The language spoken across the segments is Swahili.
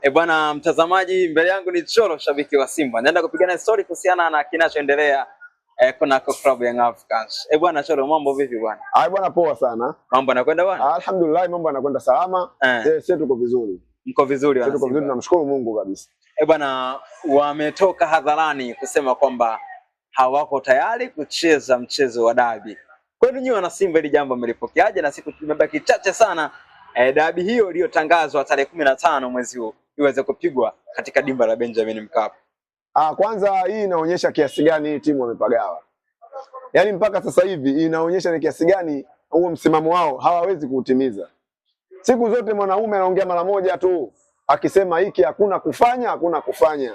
E bwana mtazamaji, mbele yangu ni Cholo, shabiki wa Simba, naenda kupigana story kuhusiana na kinachoendelea eh, kunako club ya Africans. E bwana Cholo, mambo vipi bwana? Ah bwana, poa sana. Mambo yanakwenda bwana? Ah, alhamdulillah, mambo yanakwenda salama. Eh. eh, sisi tuko vizuri. Mko vizuri bwana? Tuko vizuri, tunamshukuru Mungu kabisa. E bwana, wametoka hadharani kusema kwamba hawako tayari kucheza mchezo wa dabi. Kwenu nyinyi wana Simba, hili jambo melipokeaje? Na siku imebaki chache sana eh, dabi hiyo iliyotangazwa tarehe kumi na tano mwezi huu iweze kupigwa katika dimba la Benjamin Mkapa? Ah, kwanza hii inaonyesha kiasi gani hii timu wamepagawa, yaani mpaka sasa hivi inaonyesha ni kiasi gani huo msimamo wao hawawezi kuutimiza. Siku zote mwanaume anaongea mara moja tu, akisema hiki hakuna kufanya, hakuna kufanya.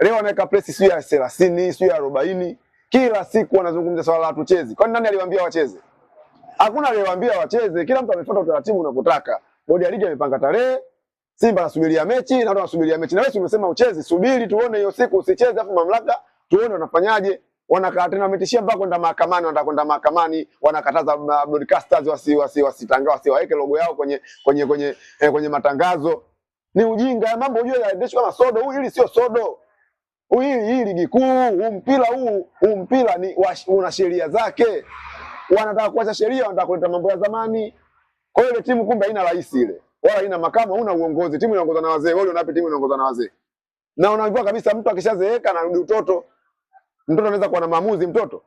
Leo anaweka presi sio ya 30, sio ya 40. kila siku anazungumza swala la hatuchezi. Kwani nani aliwaambia wacheze? Hakuna aliyewaambia wacheze, kila mtu amefuata utaratibu unapotaka. Bodi ya ligi imepanga tarehe Simba anasubiria mechi na ndo anasubiria mechi. Na wewe umesema ucheze, subiri tuone hiyo siku usicheze, afu mamlaka tuone wanafanyaje. Wanakaa tena wametishia mpaka kwenda mahakamani, wanataka kwenda mahakamani, wanakataza uh, broadcasters wasi wasi wasitangaza waeke logo yao kwenye kwenye kwenye eh, kwenye matangazo. Ni ujinga, mambo hiyo yaendeshwa kama sodo. Huu hili sio sodo. Huu hii ligi kuu, huu mpira huu, huu mpira ni una sheria zake. Wanataka kuacha sheria, wanataka kuleta mambo ya zamani. Kwa hiyo ile timu kumbe haina rais ile wala ina makamu, una uongozi. Timu inaongozwa na wazee, wewe unapi timu inaongozwa na wazee, na unaambiwa kabisa mtu akishazeeka na rudi utoto. Mtoto anaweza kuwa na maamuzi, mtoto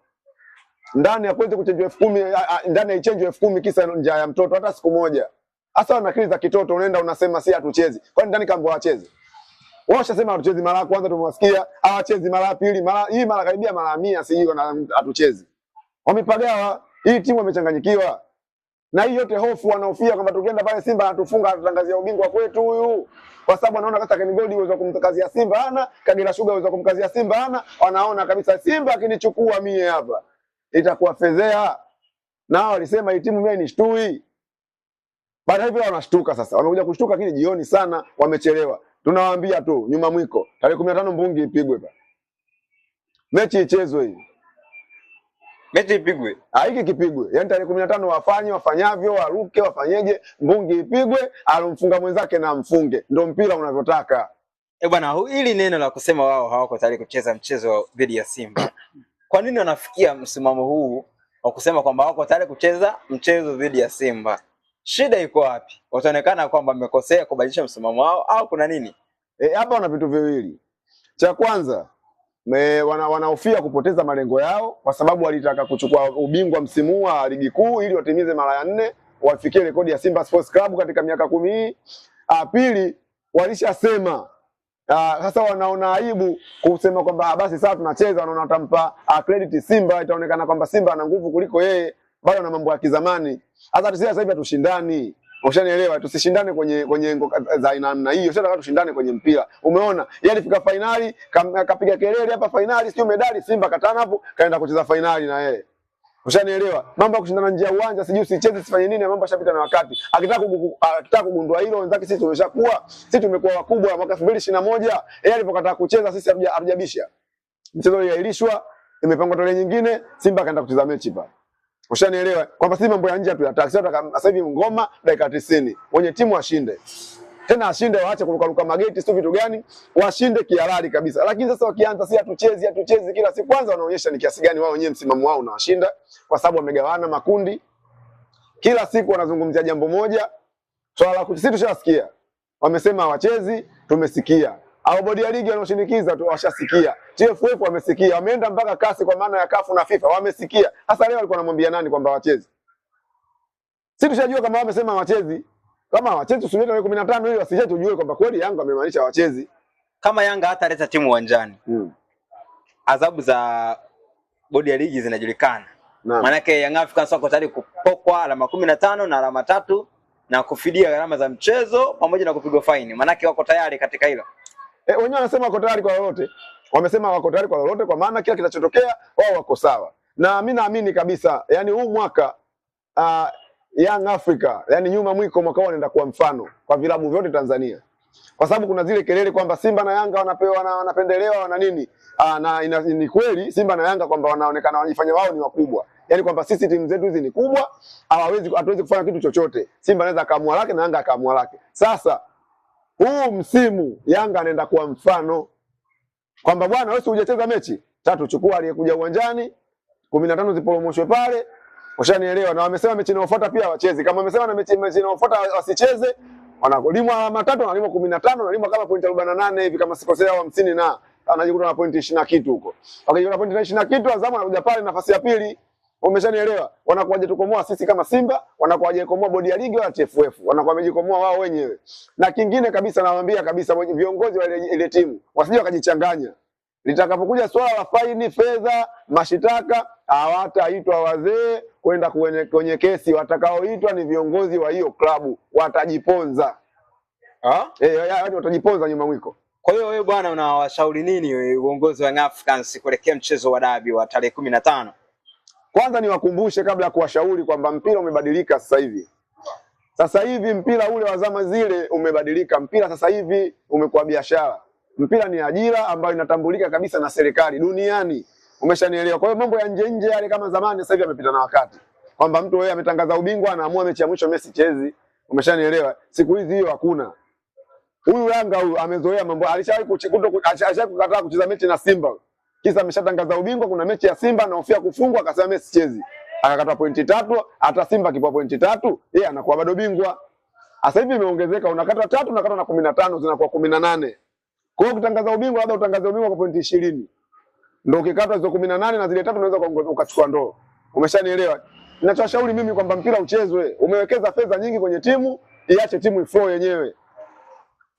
ndani ya kwenda kuchenjwa elfu kumi ndani ya ichenjwa elfu kumi kisa njaa ya mtoto, hata siku moja. Hasa na akili za kitoto, unaenda unasema si hatuchezi. Kwani ndani kambo hachezi wao, washasema hatuchezi mara ya kwanza, tumewasikia hawachezi mara ya pili, mara hii mara karibia mara 100, sijui hatuchezi. Wamepagawa, hii timu wamechanganyikiwa na hii yote hofu wanaofia kwamba tukienda pale Simba anatufunga atatangazia ubingwa kwetu huyu, kwa sababu anaona sasa Kagera Gold uwezo kumkazia Simba ana Kagera Sugar uweza kumkazia Simba ana, Wanaona kabisa Simba akinichukua mie hapa itakuwa fedhea, Na walisema hii timu mimi nishtui. Baada hivyo wanashtuka sasa, wamekuja kushtuka, lakini jioni sana wamechelewa. Tunawaambia tu nyuma mwiko, tarehe 15 mbungi ipigwe, pa mechi ichezwe hii. Mechi ipigwe. Ah, kipigwe. Yaani tarehe 15 wafanye wafanyavyo, waruke, wafanyeje, mbungi ipigwe, alomfunga mwenzake na mfunge. Ndio mpira unavyotaka. Eh, bwana, hili neno la kusema wao hawako tayari kucheza mchezo dhidi ya Simba. Kwa nini wanafikia msimamo huu wa kusema kwamba wako tayari kucheza mchezo dhidi ya Simba? Shida iko wapi? Wataonekana kwamba wamekosea kubadilisha msimamo wao au kuna nini? Eh, hapa wana vitu viwili. Cha kwanza Me, wana, wanaofia kupoteza malengo yao kwa sababu walitaka kuchukua ubingwa msimu wa ligi kuu ili watimize mara ya nne wafikie rekodi ya Simba Sports Club katika miaka kumi hii. Ah, pili, walishasema ah, sasa wanaona aibu kusema kwamba ah, basi sasa tunacheza, wanaona watampa credit Simba, itaonekana kwamba Simba ana nguvu kuliko yeye, bado na mambo ya kizamani. Hata sasa hivi hatushindani Ushanielewa, tusishindane kwenye kwenye za aina namna hiyo, sio nataka tushindane kwenye mpira. Umeona yeye alifika finali, akapiga kelele hapa, finali, sio medali, Simba katana hapo, kaenda kucheza finali na yeye. Ushanielewa, mambo ya kushindana nje ya uwanja, sijui usicheze sifanye nini, mambo yashapita na wakati. Akitaka akitaka kugundua hilo, wenzake sisi tumeshakuwa, sisi tumekuwa wakubwa. Mwaka 2021 yeye alipokataa kucheza, sisi hatujabisha mchezo, uliahirishwa, imepangwa tarehe nyingine, Simba akaenda kucheza mechi pale. Ushanielewa kwamba si mambo ya nje hatuyataka. Sasa sasa hivi ngoma dakika 90. Wenye timu washinde. Tena ashinde waache kuruka kurukaruka mageti sio vitu gani? Washinde kihalali kabisa. Lakini sasa wakianza si hatuchezi, hatuchezi kila siku kwanza wanaonyesha ni kiasi gani wao wenyewe msimamo wao na washinda kwa sababu wamegawana makundi. Kila siku wanazungumzia jambo moja. Swala la sisi tushasikia. Wamesema hawachezi, tumesikia au bodi ya ligi wanaoshinikiza tu washasikia, TFF wamesikia, wameenda mpaka kasi kwa maana ya kafu na FIFA wamesikia. Hasa leo alikuwa anamwambia nani kwamba wachezi? Si tushajua kama wamesema wachezi, kama wachezi tusubiri tarehe kumi na tano ili wasije tujue kwamba kweli Yanga amemaanisha wachezi. Kama Yanga hataleta timu uwanjani hmm, adhabu za bodi ya ligi zinajulikana. Maanake Young Africans wako tayari kupokwa alama kumi na tano na alama tatu na kufidia gharama za mchezo pamoja na kupigwa faini, maanake wako tayari katika hilo. E, wenyewe wanasema wako tayari kwa lolote, wamesema wako tayari kwa lolote, kwa maana kila kinachotokea wao wako sawa, na mimi naamini kabisa, yani huu mwaka uh, Young Africa yani nyuma mwiko mwaka wanaenda kuwa mfano kwa vilabu vyote Tanzania, kwa sababu kuna zile kelele kwamba Simba na Yanga wanapewa na wanapendelewa wana nini aa, ah, na ina, ni kweli Simba na Yanga kwamba wanaonekana wanajifanya wao ni wakubwa, Yaani kwamba sisi timu zetu hizi ni kubwa, hawawezi hatuwezi kufanya kitu chochote. Simba anaweza akaamua lake na Yanga akaamua lake. Sasa huu msimu Yanga anaenda kuwa mfano kwamba bwana, wewe hujacheza mechi tatu, chukua aliyekuja uwanjani, kumi na tano zipromoshwe pale, ushanielewa. Na wamesema mechi inayofuata pia wachezi. kama wamesema na mechi, mechi inayofuata wasicheze, wanalimwa alama tatu, wanalimwa kumi na tano, wanalimwa kama pointi arobaini na nane hivi kama sikosea, hamsini na anajikuta na pointi ishirini na kitu huko, wakijikuta na pointi ishirini na kitu, Azamu anakuja pale nafasi ya pili. Umeshanielewa? Wanakuwaje tukomoa sisi kama Simba, wanakuwaje komoa bodi ya ligi wala TFF, wanakuwa wamejikomoa wao wenyewe. Na kingine kabisa, nawaambia kabisa viongozi wa ile timu wasije wakajichanganya. Litakapokuja swala la faini, fedha, mashitaka, hawataitwa wazee kwenda kwenye, kwenye kesi. Watakaoitwa ni viongozi wa hiyo klabu, watajiponza ha? E, watajiponza nyuma mwiko. Kwa hiyo wewe bwana, unawashauri nini uongozi wa Young Africans kuelekea mchezo wa dabi wa tarehe kumi na tano? Kwanza niwakumbushe kabla ya kuwashauri kwamba mpira umebadilika sasa hivi. Sasa hivi mpira ule wa zama zile umebadilika. Mpira sasa hivi umekuwa biashara. Mpira ni ajira ambayo inatambulika kabisa na serikali duniani. Umeshanielewa? Kwa hiyo mambo ya nje nje yale kama zamani sasa hivi yamepita na wakati. Kwamba mtu wewe ametangaza ubingwa anaamua mechi ya mwisho Messi chezi. Umeshanielewa? Siku hizi hiyo hakuna. Huyu Yanga huyu amezoea mambo. Alishawahi kukataa kucheza mechi na Simba kisa ameshatangaza ubingwa. Kuna mechi ya Simba anahofia kufungwa, akasema mimi sichezi, akakata pointi tatu. Hata Simba akipa pointi tatu, yeye anakuwa bado bingwa. Sasa hivi imeongezeka, unakata tatu unakata na kumi na tano zinakuwa kumi na nane. Kwa hiyo ukitangaza ubingwa, labda utangaze ubingwa kwa pointi ishirini ndio ukikata hizo kumi na nane na zile tatu unaweza ukachukua ndoo. Umeshanielewa? Ninachoshauri mimi kwamba mpira uchezwe, umewekeza fedha nyingi kwenye timu, iache timu iflow yenyewe.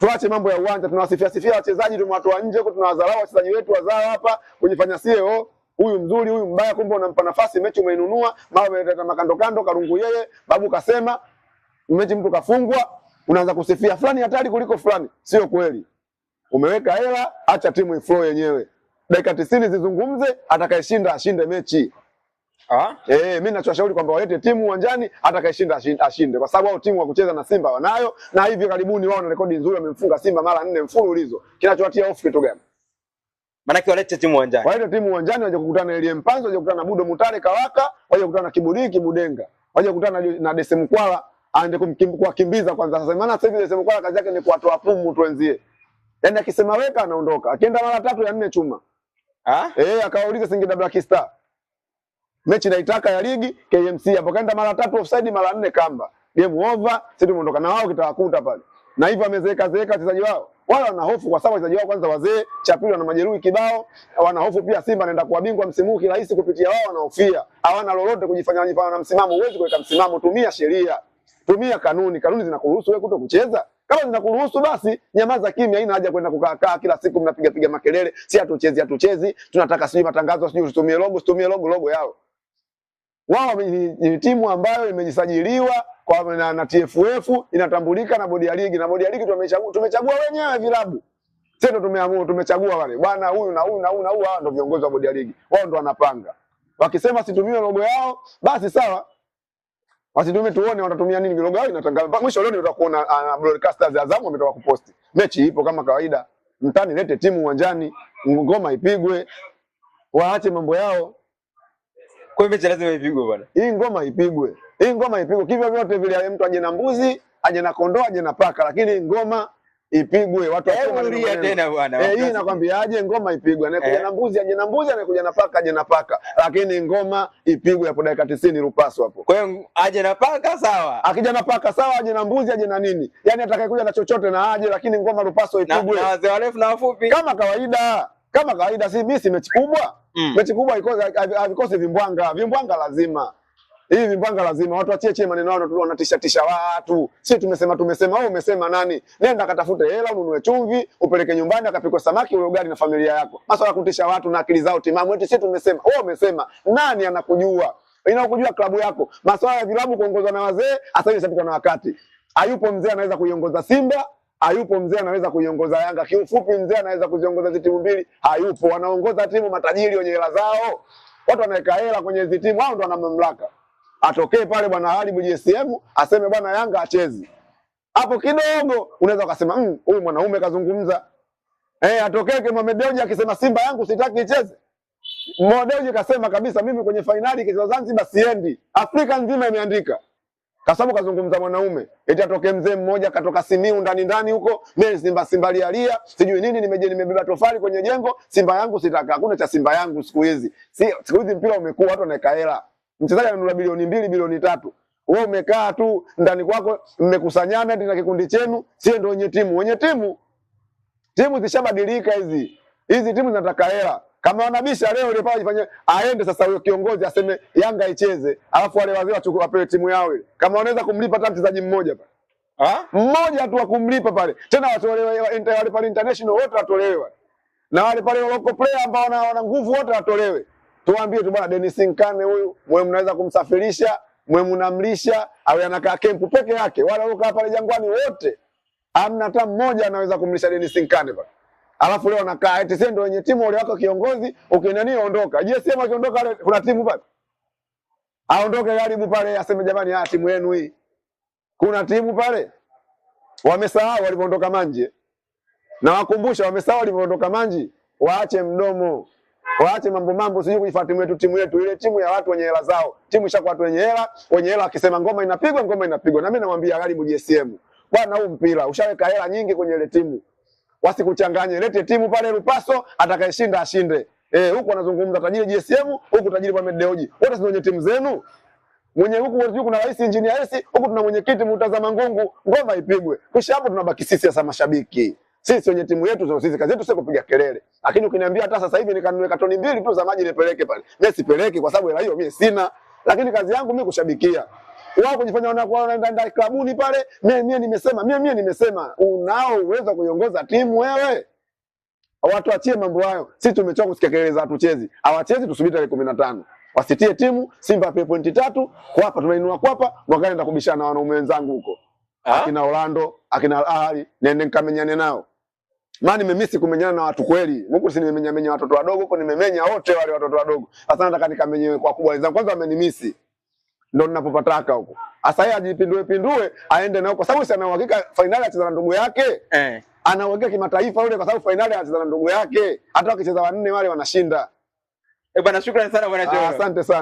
Tuache mambo ya uwanja, tunawasifia sifia wachezaji, tumewatoa nje huko, tunawadharau wachezaji wetu wazao hapa kujifanya sio oh, huyu mzuri huyu mbaya, kumbe unampa nafasi, mechi umeinunua, mambo yanaleta makando kando, karungu yeye babu kasema, mechi mtu kafungwa, unaanza kusifia fulani hatari kuliko fulani. Sio kweli, umeweka hela, acha timu iflow yenyewe, dakika 90 zizungumze, atakayeshinda ashinde mechi. Ah? Eh, mimi nachoshauri kwamba walete timu uwanjani atakayeshinda ashinde, kwa sababu hao timu wa kucheza na Simba wanayo, na hivi karibuni wao na rekodi nzuri, wamemfunga Simba mara nne mfululizo. Kinachowatia hofu kitu gani? Maanake walete timu uwanjani, walete timu uwanjani, waje kukutana na Elie Mpanzo, waje kukutana na Budo Mutale Kawaka, waje kukutana na Kiburi Kibudenga, waje kukutana na Desem Kwala, aende kuwakimbiza kwanza. Sasa maana sasa hivi Desem Kwala kazi yake ni kuwatoa pumu tuenzie, yaani akisema weka anaondoka, akienda mara tatu ya nne chuma. Ah, eh, akawauliza Singida Black Star mechi naitaka ya ligi KMC hapo kaenda mara tatu offside mara nne kamba game over, sisi tumeondoka na wao kitawakuta pale, na hivyo wamezeeka zeeka wachezaji wao wala wana hofu kwa sababu wachezaji wao kwanza wazee, cha pili wana majeruhi kibao, wana hofu pia. Simba anaenda kuwa bingwa msimu huu kirahisi kupitia wao, wanahofia hawana lolote kujifanya wanajifanya na msimamo. Huwezi kuweka msimamo, tumia sheria, tumia kanuni. Kanuni zinakuruhusu wewe kuto kucheza kama zinakuruhusu basi, nyamaza kimya. Haina haja kwenda kukaa kaa kila siku mnapiga piga makelele, si hatuchezi hatuchezi, tunataka sijui matangazo, sijui tutumie logo, tutumie logo, logo yao wao ni, ni ni timu ambayo imejisajiliwa kwa na, na TFF inatambulika na bodi ya ligi na bodi ya ligi tumechagua, tumechagua wenyewe vilabu sisi tumeamua, tumechagua wale bwana huyu na huyu na huyu na huyu. Hao ndio viongozi wa bodi ya ligi, wao ndio wanapanga. Wakisema situmie logo yao, basi sawa, wasitumie, tuone watatumia nini. Logo yao inatangaza mwisho leo, ndio kuona ah, ah, broadcasters Azam wametoka kupost Mechi ipo kama kawaida, mtani lete timu uwanjani, ngoma ipigwe, waache mambo yao. Kwa hiyo mechi lazima ipigwe bwana. Hii ngoma ipigwe. Hii ngoma ipigwe. Kivyo vyote vile mtu aje na mbuzi, aje na kondoo, aje na paka, lakini ngoma ipigwe. Watu wa tena bwana. Eh, hii nakwambia aje ngoma ipigwe. Anayekuja eh, na mbuzi aje na mbuzi, anayekuja na paka aje na paka. Lakini ngoma ipigwe hapo dakika 90 rupaso hapo. Kwa hiyo aje na paka sawa. Akija na paka sawa, aje na mbuzi aje na nini? Yaani atakayekuja na chochote na aje, lakini ngoma rupaso ipigwe. Na, na wazee warefu na wafupi. Kama kawaida kama kawaida, CB si mechi kubwa mm. mechi kubwa havikosi vimbwanga, vimbwanga lazima hivi vimbwanga lazima watu wachie chie maneno yao, wanatisha tisha watu. Sisi tumesema tumesema, wewe umesema nani? Nenda katafute hela ununue chumvi upeleke nyumbani akapikwe samaki ule ugali na familia yako. Masuala ya kutisha watu na akili zao timamu, eti sisi tumesema, wewe umesema. Nani anakujua? Inakujua klabu yako. Masuala ya vilabu kuongozwa na wazee, sasa hivi ishapitwa na wakati. Hayupo mzee anaweza kuiongoza Simba hayupo mzee anaweza kuiongoza Yanga. Kiufupi, mzee anaweza kuziongoza hizo timu mbili, hayupo. Wanaongoza timu matajiri wenye hela zao, watu wanaweka hela kwenye hizo timu, hao ndo wana mamlaka. Atokee pale bwana haribu JSM aseme bwana Yanga achezi hapo, kidogo unaweza ukasema mm, huyu mm, mwanaume kazungumza. Eh, atokee kama Medeoji akisema Simba yangu sitaki icheze. Modeoji kasema kabisa, mimi kwenye fainali kicheza Zanzibar siendi. Afrika nzima imeandika. Kwa sababu kazungumza mwanaume, eti atoke mzee mmoja katoka Simiu ndani ndani huko, mimi Simba Simba lialia, sijui nini nimeje nimebeba tofali kwenye jengo, Simba yangu sitaka, hakuna cha Simba yangu siku hizi. Si siku hizi mpira umekuwa watu wanaweka hela. Mchezaji ananunua bilioni mbili, bilioni tatu. Wewe umekaa tu ndani kwako mmekusanyana tena kikundi chenu, sie ndio wenye timu. Wenye timu timu zishabadilika hizi. Hizi timu zinataka hela. Kama wanabisha leo ile pale fanye aende sasa huyo kiongozi aseme Yanga icheze, alafu wale wazee wachukue wapewe timu yao ile. Kama wanaweza kumlipa hata mchezaji mmoja pale. Ah? Mmoja tu wa kumlipa pale. Tena watu wale wale pale international wote watolewe. Na wale pale local player ambao wana, wana nguvu wote watolewe. Tuambie tu bwana Dennis Nkane huyu, mwe mnaweza kumsafirisha, mwe mnamlisha, awe anakaa kempu peke yake. Wale wao pale Jangwani wote. Amna hata mmoja anaweza kumlisha Dennis Nkane pale alafu leo nakaa eti sasa ndio wenye timu, wale wako kiongozi, ukinani ondoka. Je, sema akiondoka pale kuna timu pale? Aondoke karibu pale aseme jamani, ah, timu yenu hii. Kuna timu pale? Wamesahau walipoondoka Manje. Nawakumbusha wamesahau walipoondoka Manje. waache mdomo. Waache mambo mambo, sio kuifuata timu yetu, timu yetu ile timu ya watu wenye hela zao. Timu ishakuwa watu wenye hela, wenye hela akisema ngoma inapigwa, ngoma inapigwa. Na mimi namwambia Gharibu GSM, bwana, huu mpira ushaweka hela nyingi kwenye ile timu wasikuchanganye. Lete timu pale Rupaso, atakayeshinda ashinde. Eh, huko anazungumza tajiri GSM, huko tajiri Mohamed Deoji. Wote sio wenye timu zenu. Mwenye huku wetu kuna rais engineer Hersi, huku tuna mwenyekiti mtazama ngungu, ngoma ipigwe. Kisha hapo tunabaki sisi sasa mashabiki. Sisi wenye timu yetu sio sisi, kazi yetu sio kupiga kelele. Lakini ukiniambia hata sasa hivi nikanunue katoni mbili tu za maji nipeleke pale. Mimi sipeleki kwa sababu hela hiyo mimi sina. Lakini kazi yangu mimi kushabikia wao kujifanya wanaenda klabuni pale, mie mie nimesema, mie mie nimesema. Unao uwezo wa kuiongoza timu wewe? Watu wachie mambo hayo, sisi tumechoka kusikia kelele za hatuchezi. Hawachezi, tusubiri tarehe kumi na tano wasitie timu. Simba ape pointi tatu kwapa, tunainua kwapa. hapa, mwakani nenda kubishana na wanaume wenzangu huko ah? akina Orlando akina Ahli, nende nkamenyane nao maana nimemisi kumenyana na watu kweli. Huku si nimemenya menya watoto wadogo huko, nimemenya wote wale watoto wadogo. Sasa nataka nikamenye kwa kubwa wenzangu, kwanza wamenimisi ndo ninapopataka huko. Asa yeye ajipindue pindue aende nao kwa sababu si ana uhakika fainali acheza na ndugu yake. Eh. Ana uhakika kimataifa yule kwa sababu fainali acheza na ndugu yake. Hata wakicheza wanne wale wanashinda. Eh, bwana shukrani sana bwana Joe. Asante sana.